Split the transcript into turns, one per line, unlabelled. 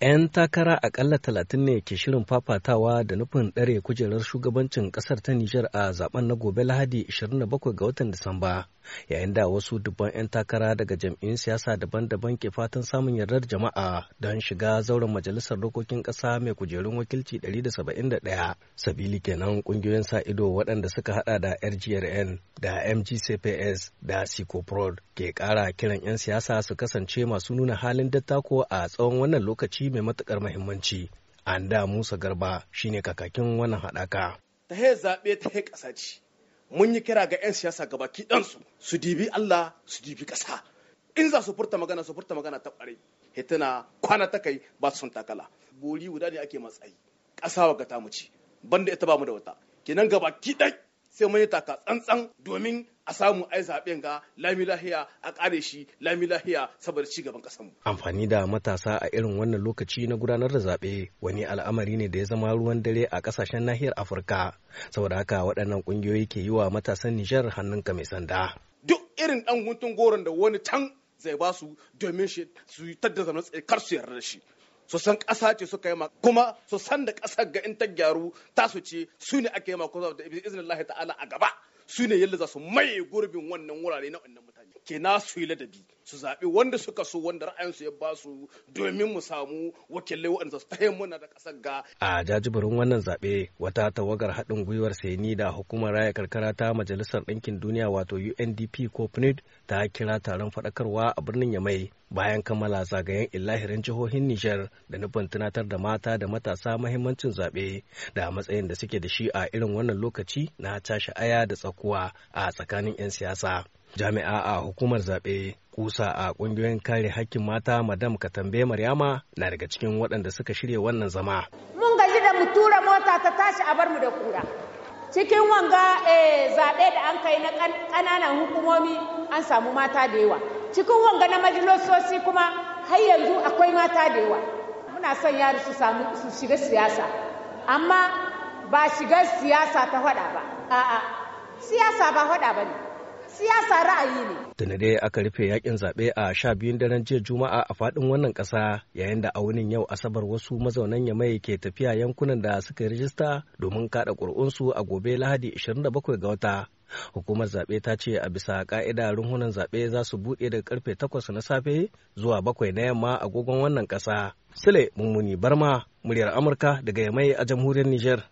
'yan takara akalla talatin ne ke shirin fafatawa da nufin ɗare kujerar shugabancin ƙasar ta Nijar a zaben na gobe Lahadi 27 ga watan Disamba, yayin da wasu dubban 'yan takara daga jam'in siyasa daban-daban ke fatan samun yardar jama'a don shiga zauren majalisar dokokin ƙasa mai kujerun wakilci 171. Sabili kenan ƙungiyoyin sa ido waɗanda suka haɗa da RGRN da MGCPS da SICOPROD ke ƙara kiran 'yan siyasa su kasance masu nuna halin dattako a tsawon wannan lokaci mai matukar mahimmanci an da musa garba shine kakakin wannan haɗaka
ta he zaɓe ta he ƙasa ce mun yi kira ga 'yan siyasa ga baki ɗansu su dibi allah su dibi ƙasa in za su furta magana su furta magana ta ƙware hituna kwana ta kai ba su sun takala bori guda ne ake matsayi ƙasa wa ga ta mu ci banda ita ba mu da wata kenan ga baki ɗai sai mun yi taka tsantsan domin a samu ai zaben ga lami lahiya a kare shi lami lahiya saboda ci gaban kasar mu
amfani da matasa a irin wannan lokaci na gudanar da zaɓe wani al'amari ne da ya zama ruwan dare a kasashen nahiyar Afirka saboda haka waɗannan ƙungiyoyi ke yi wa matasan Nijar hannunka mai sanda
duk irin ɗan guntun goron da wani can zai ba su domin shi su yi tadda zaune kar su yarda da shi su san ƙasa ce suka yi ma kuma su san da ƙasar ga in ta gyaru tasu ce su ne aka yi ma kuma da izinin Allah ta'ala a gaba su ne yadda za su maye gurbin wannan wurare na wannan mutane ke na su yi ladabi su zaɓi wanda suka so wanda ra'ayinsu ya ba su domin mu samu wakilai waɗanda su tayin muna da ƙasar ga.
a jajibirin wannan zaɓe wata tawagar haɗin gwiwar saini da hukumar raya karkara ta majalisar ɗinkin duniya wato undp ko pnud ta kira taron faɗakarwa a birnin yamai bayan kammala zagayen illahirin jihohin Nijar da nufin tunatar da mata da matasa mahimmancin zaɓe da matsayin da suke da shi a irin wannan lokaci na tashi aya da tsakuwa a tsakanin 'yan siyasa. Jami'a a hukumar zaɓe kusa a ƙungiyoyin kare hakkin mata Madam Katambe Maryama na daga cikin waɗanda suka shirya wannan zama.
Mun gaji da mu tura mota ta tashi a bar mu da kura. Cikin wanga eh, zaɓe da an kai na ƙananan hukumomi an samu mata da yawa. cikin wanga na majalisoci kuma har yanzu akwai mata da yawa muna son yari su samu su shiga siyasa amma ba shiga siyasa ta hada ba a'a siyasa ba hada ba ne siyasa ra'ayi ne tuni
dai aka rufe yakin zaɓe a sha biyun daren jiya juma'a a faɗin wannan ƙasa yayin da a wunin yau asabar wasu mazaunan yamai ke tafiya yankunan da suka rijista domin kaɗa ƙuri'unsu a gobe lahadi 27 ga wata Hukumar zaɓe ta ce a bisa ƙa'ida runhunan zaɓe za su buɗe daga karfe takwas na safe zuwa bakwai na yamma a agogon wannan ƙasa. Sule Mummuni Barma, muryar Amurka daga Yamai a jamhuriyar Nijar.